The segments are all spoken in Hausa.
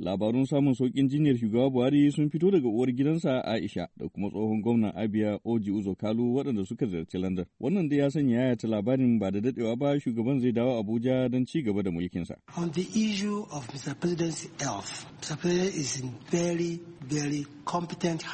Labarun samun saukin jinyar shugaba Buhari sun fito daga uwar gidansa Aisha da kuma tsohon gwamnan Abia Oji Uzo Kalu waɗanda suka ziyarci London. Wannan da ya sanya yayata labarin ba da dadewa ba shugaban zai dawo Abuja don ci gaba da mulkinsa. On the issue of Mr. President's health, Mr. President is in very, very competent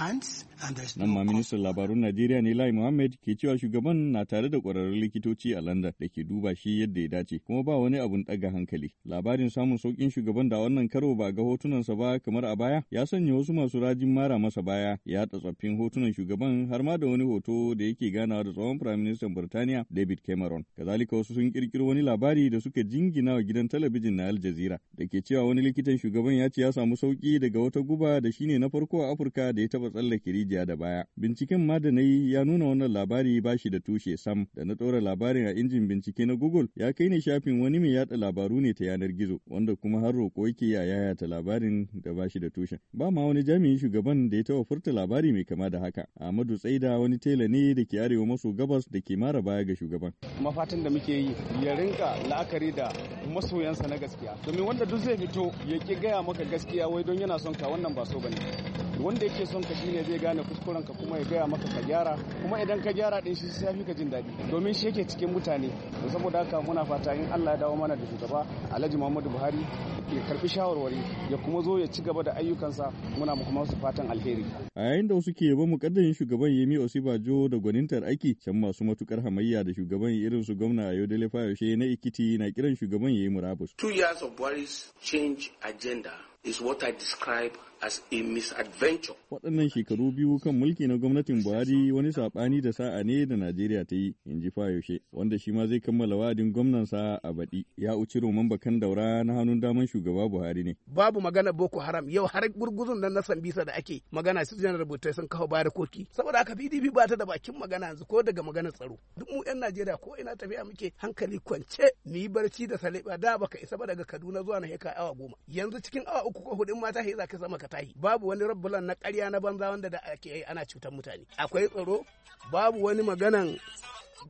Nan ma ministan labarun Najeriya ne Lai Muhammad ke cewa shugaban na tare da ƙwararrun likitoci a London da ke duba shi yadda ya dace kuma ba wani abun ɗaga hankali. Labarin samun sauƙin shugaban da wannan karo ba ga hotunansa ba kamar a baya ya sanya wasu masu rajin mara masa baya ya tsaffin hotunan shugaban har ma da wani hoto da yake ganawa da tsohon Prime Minister Burtaniya David Cameron. Kazalika wasu sun kirkiro wani labari da suka jingina wa gidan talabijin na Al Jazeera da ke cewa wani likitan shugaban ya ce ya samu sauki daga wata guba da shine na farko a Afirka Afirka da ya taɓa tsallake rijiya da baya. Binciken ma da ya nuna wannan labari ba shi da tushe sam da na ɗora labarin a injin bincike na Google ya kai ni shafin wani mai yaɗa labaru ne ta yanar gizo wanda kuma har roƙo yake ya yayata labarin da ba shi da tushen. Ba ma wani jami'in shugaban da ya taɓa furta labari mai kama da haka. Ahmadu Tsaida wani tela ne da ke arewa maso gabas da ke mara baya ga shugaban. Mafatan da muke yi ya rinka la'akari da masoyansa na gaskiya. Domin wanda duk zai fito ya ki gaya maka gaskiya wai don yana son ka wannan ba so bane. wanda yake son ka shine zai gane kuskuren ka kuma ya gaya maka ka gyara kuma idan ka gyara din shi sai ka jin daɗi domin shi yake cikin mutane to saboda haka muna fata in Allah ya dawo mana da shugaba Alhaji Muhammadu Buhari ya karfi shawarwari ya kuma zo ya ci gaba da ayyukansa muna kuma su fatan alheri a yayin da wasu ke mu mukaddarin shugaban Yemi Osibajo da gwanintar aiki can masu matukar hamayya da shugaban irin su gwamna Ayodele Fayoshe na Ikiti na kiran shugaban Yemi Murabus two years of Buhari's change agenda is what I describe as a misadventure. Waɗannan shekaru biyu kan mulki na gwamnatin Buhari wani saɓani da sa'a ne da Najeriya ta yi, in ji Fayoshe, wanda shi ma zai kammala wa'adin gwamnansa a baɗi. Ya uci roman bakan daura na hannun daman shugaba Buhari ne. Babu magana Boko Haram yau har gurguzun nan na bisa da ake magana su janar rubutai sun kafa bayar koki. Saboda haka PDP ba ta da bakin magana yanzu ko daga maganar tsaro. Duk mu 'yan Najeriya ko ina tafiya muke hankali kwance mu yi barci da saliba da baka isa ba daga Kaduna zuwa na heka awa goma. Yanzu cikin awa uku ko hudu mata ta za ka tahi babu wani rabbulan na karya na banza wanda da ake ana cutar mutane akwai tsaro babu wani maganan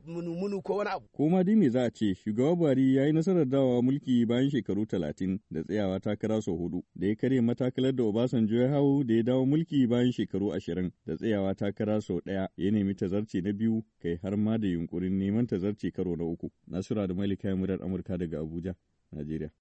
munumunu ko wani abu. Koma dai me za a ce shugaba Buhari ya yi nasarar dawa mulki bayan shekaru talatin da tsayawa takara sau hudu da ya karya matakalar da Obasanjo ya hau da ya dawo mulki bayan shekaru ashirin da tsayawa takara sau ɗaya ya nemi tazarce na biyu kai har ma da yunkurin neman tazarce karo na uku. Nasura da Malika murar Amurka daga Abuja, Najeriya.